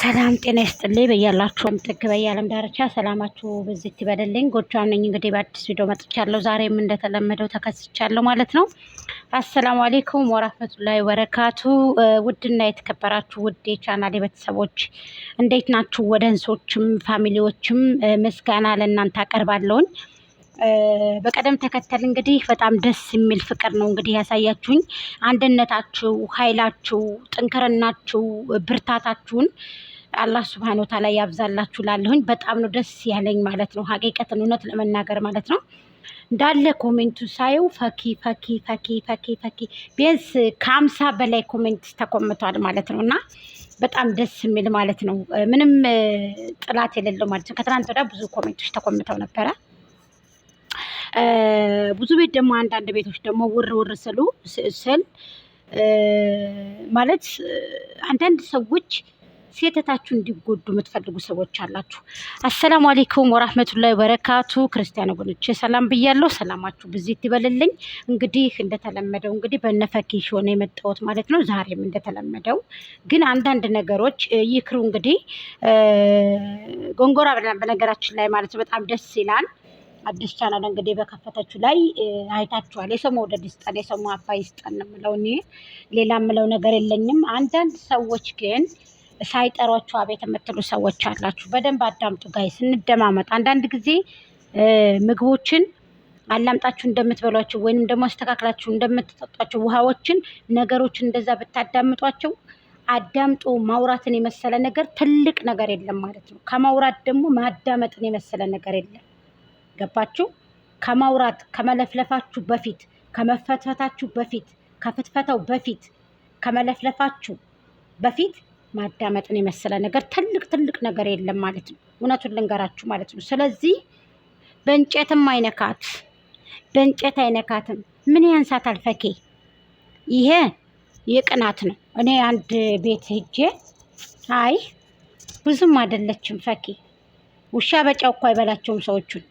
ሰላም ጤና ይስጥልኝ። በያላችሁ ምጥቅ በያለም ዳርቻ ሰላማችሁ በዚህ ይበልልኝ። ጎጃም ነኝ እንግዲህ በአዲስ ቪዲዮ መጥቻለሁ። ዛሬም እንደተለመደው ተከስቻለሁ ማለት ነው። አሰላሙ አሌይኩም ወራህመቱላሂ ወበረካቱ። ውድና የተከበራችሁ ውድ የቻናሌ ቤተሰቦች እንዴት ናችሁ? ወደ እንሶችም ፋሚሊዎችም ምስጋና ለእናንተ አቀርባለሁኝ። በቀደም ተከተል እንግዲህ በጣም ደስ የሚል ፍቅር ነው እንግዲህ ያሳያችሁኝ። አንድነታችሁ፣ ኃይላችሁ፣ ጥንክርናችሁ፣ ብርታታችሁን አላህ ስብሐነ ወተዓላ ያብዛላችሁ። ላለሁኝ በጣም ነው ደስ ያለኝ ማለት ነው። ሀቂቀትን እውነት ለመናገር ማለት ነው እንዳለ ኮሜንቱ ሳየው ፈኪ ፈኪ ፈኪ ፈኪ ፈኪ ቢያንስ ከአምሳ በላይ ኮሜንት ተቆምቷል ማለት ነው እና በጣም ደስ የሚል ማለት ነው። ምንም ጥላት የሌለው ማለት ነው። ከትናንት ወዲያ ብዙ ኮሜንቶች ተቆምተው ነበረ። ብዙ ቤት ደግሞ አንዳንድ ቤቶች ደግሞ ውር ውር ስሉ ስል ማለት አንዳንድ ሰዎች ሴተታችሁ እንዲጎዱ የምትፈልጉ ሰዎች አላችሁ። አሰላሙ አሌይኩም ወራህመቱላሂ ወበረካቱ። ክርስቲያን ወገኖች ሰላም ብያለሁ። ሰላማችሁ ብዜት ይበልልኝ። እንግዲህ እንደተለመደው እንግዲህ በነፈኪሽ ሆነ የመጣሁት ማለት ነው። ዛሬም እንደተለመደው ግን አንዳንድ ነገሮች ይክሩ እንግዲህ ጎንጎራ በነገራችን ላይ ማለት በጣም ደስ ይላል አዲስ ቻናል እንግዲህ በከፈተችው ላይ አይታችኋል። የሰሞ መውደድ ይስጠን፣ የሰሞ አባ ይስጠን ምለው እኔ ሌላ ምለው ነገር የለኝም። አንዳንድ ሰዎች ግን ሳይጠሯቸው አቤት የምትሉ ሰዎች አላችሁ። በደንብ አዳምጡ ጋይ ስንደማመጥ አንዳንድ ጊዜ ምግቦችን አላምጣችሁ እንደምትበሏቸው ወይም ደግሞ አስተካክላችሁ እንደምትጠጧቸው ውሃዎችን፣ ነገሮችን እንደዛ ብታዳምጧቸው አዳምጦ ማውራትን የመሰለ ነገር ትልቅ ነገር የለም ማለት ነው። ከማውራት ደግሞ ማዳመጥን የመሰለ ነገር የለም። ገባችሁ? ከማውራት ከመለፍለፋችሁ በፊት ከመፈትፈታችሁ በፊት ከፍትፈታው በፊት ከመለፍለፋችሁ በፊት ማዳመጥን የመሰለ ነገር ትልቅ ትልቅ ነገር የለም ማለት ነው። እውነቱን ልንገራችሁ ማለት ነው። ስለዚህ በእንጨትም አይነካት በእንጨት አይነካትም። ምን ያንሳታል ፈኬ? ይሄ የቅናት ነው። እኔ አንድ ቤት ሂጄ አይ ብዙም አይደለችም ፈኬ፣ ውሻ በጫው እኮ አይበላቸውም ሰዎቹን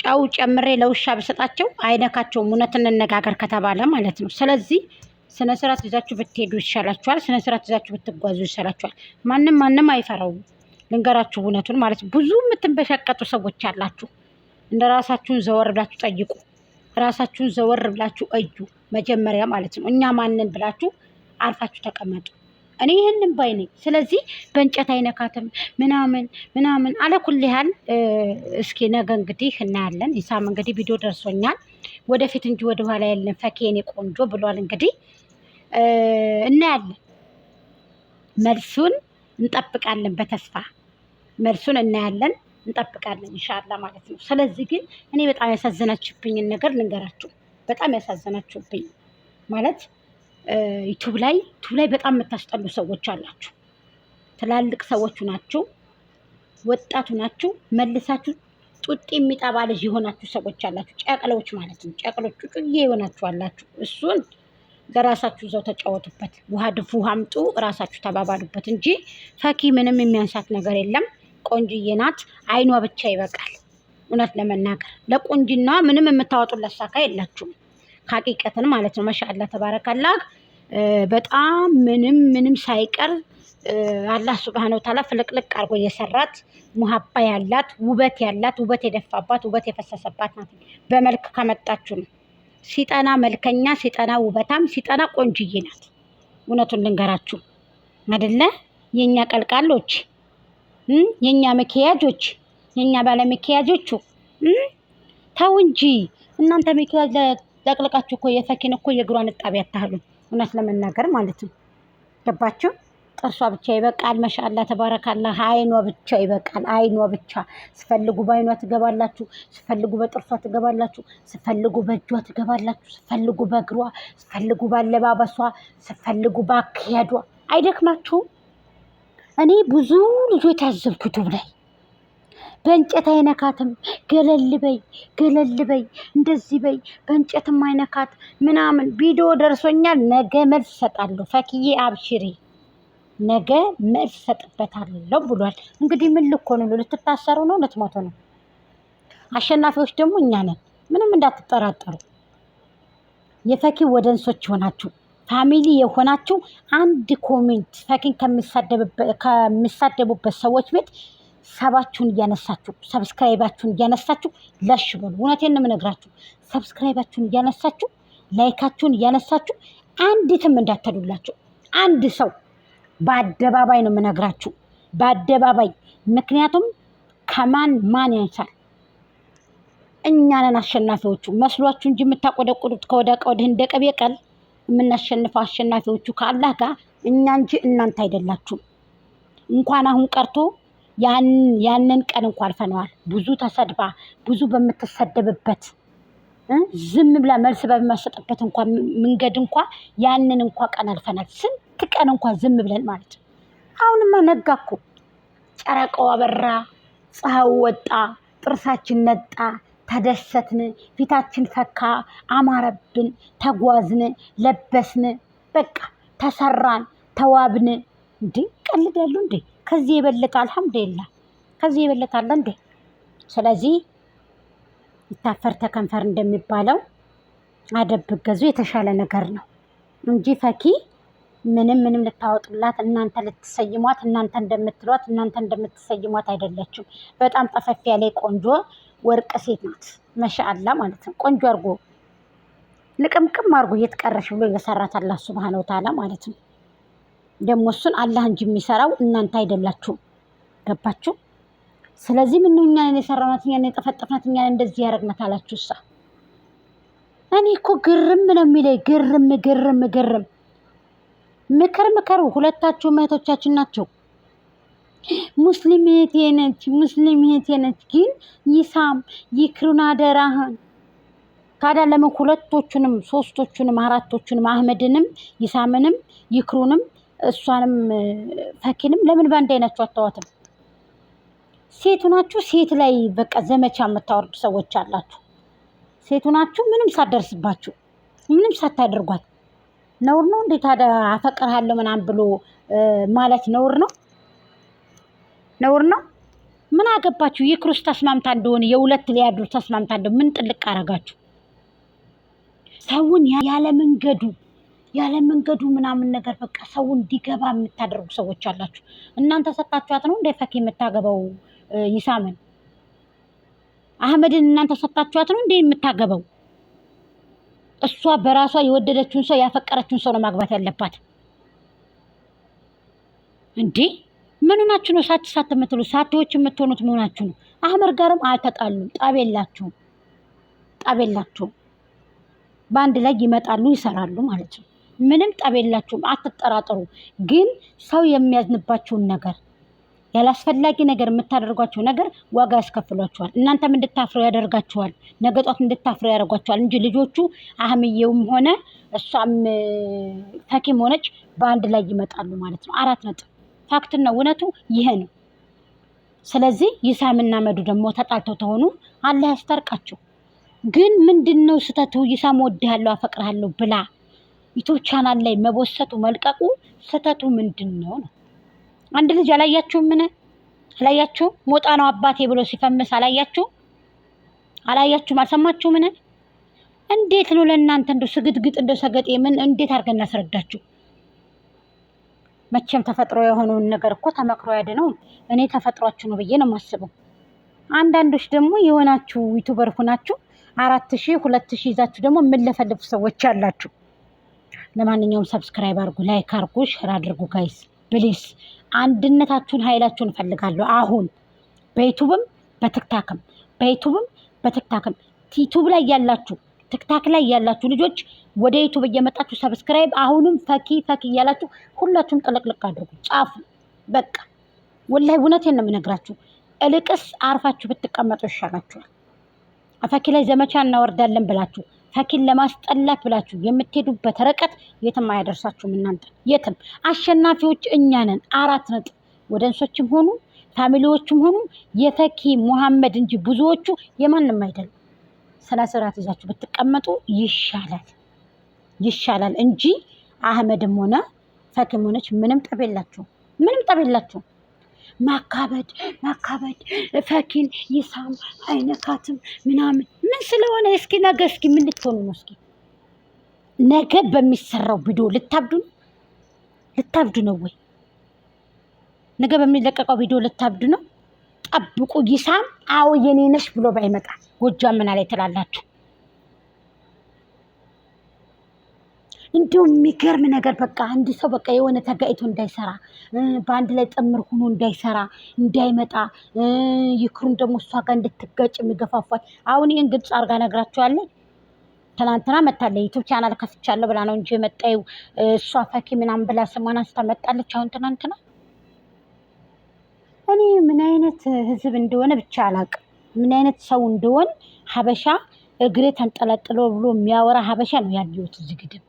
ጨው ጨምሬ ለውሻ ብሰጣቸው አይነካቸውም። እውነት እንነጋገር ከተባለ ማለት ነው። ስለዚህ ስነ ስርዓት ይዛችሁ ብትሄዱ ይሻላችኋል። ስነ ስርዓት ይዛችሁ ብትጓዙ ይሻላችኋል። ማንም ማንም አይፈራውም። ልንገራችሁ እውነቱን ማለት ነው። ብዙ የምትንበሸቀጡ ሰዎች አላችሁ። እንደ ራሳችሁን ዘወር ብላችሁ ጠይቁ። ራሳችሁን ዘወር ብላችሁ እዩ መጀመሪያ ማለት ነው። እኛ ማንን ብላችሁ አርፋችሁ ተቀመጡ። እኔ ይህንን ባይ ነኝ። ስለዚህ በእንጨት አይነካትም ምናምን ምናምን አለኩል ያህል እስኪ ነገ እንግዲህ እናያለን። ኢሳም እንግዲህ ቪዲዮ ደርሶኛል ወደፊት እንጂ ወደኋላ ያለን ፈኬ ቆንጆ ብሏል። እንግዲህ እናያለን፣ መልሱን እንጠብቃለን። በተስፋ መልሱን እናያለን፣ እንጠብቃለን እንሻላ ማለት ነው። ስለዚህ ግን እኔ በጣም ያሳዘናችሁብኝን ነገር ልንገራችሁ። በጣም ያሳዘናችሁብኝ ማለት ዩቱብ ላይ ዩቱብ ላይ በጣም የምታስጠሉ ሰዎች አላችሁ። ትላልቅ ሰዎቹ ናችሁ፣ ወጣቱ ናችሁ። መልሳችሁ ጡጥ የሚጠባ ልጅ የሆናችሁ ሰዎች አላችሁ። ጨቅሎች ማለት ነው። ጨቅሎች ጩጩዬ የሆናችሁ አላችሁ። እሱን በራሳችሁ እዛው ተጫወቱበት። ውሃ ድፉ አምጡ፣ ራሳችሁ ተባባሉበት እንጂ ፈኪ ምንም የሚያንሳት ነገር የለም። ቆንጅዬ ናት። አይኗ ብቻ ይበቃል። እውነት ለመናገር ለቆንጅናዋ ምንም የምታወጡለት ሳካ የላችሁም። ሀቂቀትን ማለት ነው። ማሻአላ ተባረካላ። በጣም ምንም ምንም ሳይቀር አላህ ስብሐነ ወተዓላ ፍልቅልቅ አድርጎ የሰራት ሙሀባ ያላት ውበት ያላት ውበት የደፋባት ውበት የፈሰሰባት ናት። በመልክ ከመጣችሁ ነው። ሲጠና መልከኛ፣ ሲጠና ውበታም፣ ሲጠና ቆንጅዬ ናት። እውነቱን ልንገራችሁ አይደለ የኛ ቀልቃሎች፣ የኛ መኪያጆች፣ የኛ ባለመኪያጆቹ ተው እንጂ እናንተ መኪያጅ ለቅልቃችሁ እኮ የሰኪን እኮ የእግሯን እጣቢ አታህሉ። እውነት ለመናገር ማለት ነው። ገባችሁ? ጥርሷ ብቻ ይበቃል። መሻላ ተባረካላ። አይኗ ብቻ ይበቃል። አይኗ ብቻ ስፈልጉ በአይኗ ትገባላችሁ፣ ስፈልጉ በጥርሷ ትገባላችሁ፣ ስፈልጉ በእጇ ትገባላችሁ፣ ስፈልጉ በእግሯ፣ ስፈልጉ በአለባበሷ፣ ስፈልጉ በአካሄዷ። አይደክማችሁም? እኔ ብዙ ልጆ የታዘብኩት ላይ በእንጨት አይነካትም፣ ገለል በይ ገለል በይ እንደዚህ በይ፣ በእንጨትም አይነካት ምናምን ቪዲዮ ደርሶኛል። ነገ መልስ ሰጣለሁ። ፈክዬ አብሽሪ፣ ነገ መልስ ሰጥበታለሁ ብሏል። እንግዲህ ምን ልኮ ነው? ልትታሰሩ ነው? ልትሞቱ ነው? አሸናፊዎች ደግሞ እኛ ነን። ምንም እንዳትጠራጠሩ። የፈኪ ወደንሶች ሆናችሁ ፋሚሊ የሆናችሁ አንድ ኮሜንት ፈኪን ከሚሳደቡበት ሰዎች ቤት ሰባችሁን እያነሳችሁ ሰብስክራይባችሁን እያነሳችሁ ላሽ በሉ። እውነቴን ነው የምነግራችሁ። ሰብስክራይባችሁን እያነሳችሁ ላይካችሁን እያነሳችሁ አንዲትም እንዳተዱላቸው አንድ ሰው በአደባባይ ነው የምነግራችሁ፣ በአደባባይ ምክንያቱም ከማን ማን ያንሳል? እኛንን አሸናፊዎቹ መስሏችሁ እንጂ የምታቆደቆዱት ከወደ ከወደህ እንደ ቅቤ ቀል የምናሸንፈው አሸናፊዎቹ ከአላህ ጋር እኛ እንጂ እናንተ አይደላችሁም። እንኳን አሁን ቀርቶ ያንን ቀን እንኳ አልፈነዋል። ብዙ ተሰድባ ብዙ በምትሰደብበት ዝም ብላ መልስ በሚመሰጥበት እንኳ መንገድ እንኳ ያንን እንኳ ቀን አልፈናል። ስንት ቀን እንኳ ዝም ብለን ማለት ነው። አሁንማ ነጋ እኮ ጨረቃው አበራ፣ ፀሐዩ ወጣ፣ ጥርሳችን ነጣ፣ ተደሰትን፣ ፊታችን ፈካ፣ አማረብን፣ ተጓዝን፣ ለበስን፣ በቃ ተሰራን፣ ተዋብን። እንዴ ቀልድ ያሉ እንዴ ከዚህ የበለጠ አልሐምዱሊላህ ከዚህ የበለጠ አለ እንዴ? ስለዚህ ይታፈር ተከንፈር እንደሚባለው አደብ ገዙ የተሻለ ነገር ነው እንጂ ፈኪ ምንም ምንም ልታወጡላት እናንተ ልትሰይሟት እናንተ እንደምትሏት እናንተ እንደምትሰይሟት አይደለችም። በጣም ጠፈፊ ያለ ቆንጆ ወርቅ ሴት ናት። መሻአላ ማለት ነው። ቆንጆ አርጎ ልቅምቅም አርጎ እየተቀረሽ ብሎ የሰራት አላህ ሱብሃነሁ ወተዓላ ማለት ነው። ደግሞ እሱን አላህ እንጂ የሚሰራው እናንተ አይደላችሁም። ገባችሁ? ስለዚህ ምነው እኛን የሰራናት እኛን የጠፈጠፍናት እኛን እንደዚህ ያደረግናት አላችሁ? እሳ እኔ እኮ ግርም ነው የሚለኝ። ግርም ግርም ግርም። ምክር ምከሩ። ሁለታችሁ እህቶቻችን ናቸው። ሙስሊም እህቴ ነች፣ ሙስሊም እህቴ ነች። ግን ይሳም ይክሩን አደራህን ታዲያ ለምን ሁለቶቹንም ሶስቶቹንም አራቶቹንም አህመድንም ይሳምንም ይክሩንም እሷንም ፈኪንም ለምን በአንድ አይናችሁ አታዋትም? ሴቱ ናችሁ። ሴት ላይ በቃ ዘመቻ የምታወርዱ ሰዎች አላችሁ። ሴቱ ናችሁ። ምንም ሳደርስባችሁ፣ ምንም ሳታደርጓት ነውር ነው እንዴ? ታዲያ አፈቅርሃለሁ ምናምን ብሎ ማለት ነውር ነው? ነውር ነው? ምን አገባችሁ? የክሩስ ተስማምታ እንደሆነ የሁለት ሊያድሩ ተስማምታ እንደሆነ ምን ጥልቅ አረጋችሁ? ሰውን ያለ መንገዱ ያለ መንገዱ ምናምን ነገር በቃ ሰው እንዲገባ የምታደርጉ ሰዎች አላችሁ። እናንተ ሰጣችኋት ነው እንደ ፈኪ የምታገባው ይሳምን አህመድን እናንተ ሰጣችኋት ነው እንደ የምታገባው። እሷ በራሷ የወደደችውን ሰው ያፈቀረችውን ሰው ነው ማግባት ያለባት። እንዴ ምን ነው ሳት ሳት የምትሉ ሳቴዎች የምትሆኑት መሆናችሁ ነው? አህመድ ጋርም አልተጣሉም። ጣብ የላችሁም፣ የላችሁም። በአንድ ላይ ይመጣሉ፣ ይሰራሉ ማለት ነው። ምንም ጠብ የላችሁም፣ አትጠራጠሩ። ግን ሰው የሚያዝንባችሁን ነገር ያላስፈላጊ ነገር የምታደርጓቸው ነገር ዋጋ ያስከፍሏቸዋል። እናንተም እንድታፍሩ ያደርጋቸዋል። ነገ ጧት እንድታፍሩ ያደርጓቸዋል እንጂ ልጆቹ አህምዬውም ሆነ እሷም ፈኪም ሆነች በአንድ ላይ ይመጣሉ ማለት ነው። አራት ነጥብ። ፋክትና እውነቱ ይሄ ነው። ስለዚህ ይሳምና መዱ ደግሞ ተጣልተው ተሆኑ አለ ያስታርቃቸው። ግን ምንድን ነው ስህተቱ? ይሳም ወድሃለሁ፣ አፈቅርሃለሁ ብላ ዩቱብ ቻናል ላይ መቦሰቱ መልቀቁ ስህተቱ ምንድን ነው ነው? አንድ ልጅ አላያችሁም? ምን አላያችሁም? ሞጣ ነው አባቴ ብሎ ሲፈምስ አላያችሁም? አላያችሁም? አልሰማችሁም? ምን እንዴት ነው ለእናንተ እንደ ስግድግጥ እንደ ሰገጤ ምን እንዴት አድርገን እናስረዳችሁ? መቼም ተፈጥሮ የሆነውን ነገር እኮ ተመክሮ ያድነውም። እኔ ተፈጥሯችሁ ነው ብዬ ነው የማስበው። አንዳንዶች ደግሞ የሆናችሁ ዩቱበር ሁናችሁ አራት ሺህ ሁለት ሺህ ይዛችሁ ደግሞ የምለፈልፉ ሰዎች አላችሁ። ለማንኛውም ሰብስክራይብ አርጉ፣ ላይክ አርጉ፣ ሸር አድርጉ። ጋይስ ፕሊስ አንድነታችሁን ኃይላችሁን እፈልጋለሁ። አሁን በዩቱብም በትክታክም በዩቱብም በትክታክም ቲቱብ ላይ ያላችሁ ትክታክ ላይ ያላችሁ ልጆች ወደ ዩቱብ እየመጣችሁ ሰብስክራይብ አሁንም ፈኪ ፈኪ እያላችሁ ሁላችሁም ጥልቅልቅ አድርጉ። ጫፉ በቃ ወላሂ እውነቴን ነው የምነግራችሁ። እልቅስ አርፋችሁ ብትቀመጡ ይሻላችኋል። አፈኪ ላይ ዘመቻ እናወርዳለን ብላችሁ ፈኪን ለማስጠላት ብላችሁ የምትሄዱበት ርቀት የትም አያደርሳችሁም። እናንተ የትም አሸናፊዎች እኛ ነን። አራት ነጥብ ወደ እንሶችም ሆኑ ፋሚሊዎችም ሆኑ የፈኪ ሙሐመድ እንጂ ብዙዎቹ የማንም አይደለም። ስነ ስርዓት ይዛችሁ ብትቀመጡ ይሻላል ይሻላል እንጂ አህመድም ሆነ ፈኪም ሆነች ምንም ጠብ ምንም ጠብ የላችሁም። ማካበድ ማካበድ ፈኪን ይሳም አይነካትም ምናምን ምን ስለሆነ እስኪ ነገ እስኪ ምን ልትሆኑ ነው? እስኪ ነገ በሚሰራው ቪዲዮ ልታብዱ ነው? ልታብዱ ነው ወይ? ነገ በሚለቀቀው ቪዲዮ ልታብዱ ነው? ጠብቁ። ይሳም አዎ የኔ ነሽ ብሎ ባይመጣ ጎጃም ምና ላይ ትላላችሁ? እንዲሁ የሚገርም ነገር በቃ አንድ ሰው በቃ የሆነ ተጋይቶ እንዳይሰራ በአንድ ላይ ጥምር ሆኖ እንዳይሰራ እንዳይመጣ ይክሩን ደግሞ እሷ ጋር እንድትጋጭ የሚገፋፏት አሁን ይህን ግልጽ አድርጋ ነግራቸዋለኝ። ትናንትና መታለች። ዩቱብ ቻናል ከፍቻለሁ ብላ ነው እንጂ የመጣዩ እሷ ፈኪ ምናምን ብላ ስሟን አንስታ መጣለች። አሁን ትናንትና እኔ ምን አይነት ህዝብ እንደሆነ ብቻ አላውቅም፣ ምን አይነት ሰው እንደሆን ሀበሻ እግሬ ተንጠለጥሎ ብሎ የሚያወራ ሀበሻ ነው ያየሁት እዚህ ግድም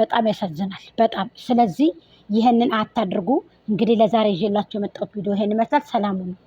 በጣም ያሳዝናል። በጣም ስለዚህ ይህንን አታድርጉ። እንግዲህ ለዛሬ ይዤላችሁ የመጣሁት ቪዲዮ ይሄን ይመስላል። ሰላሙ ነው።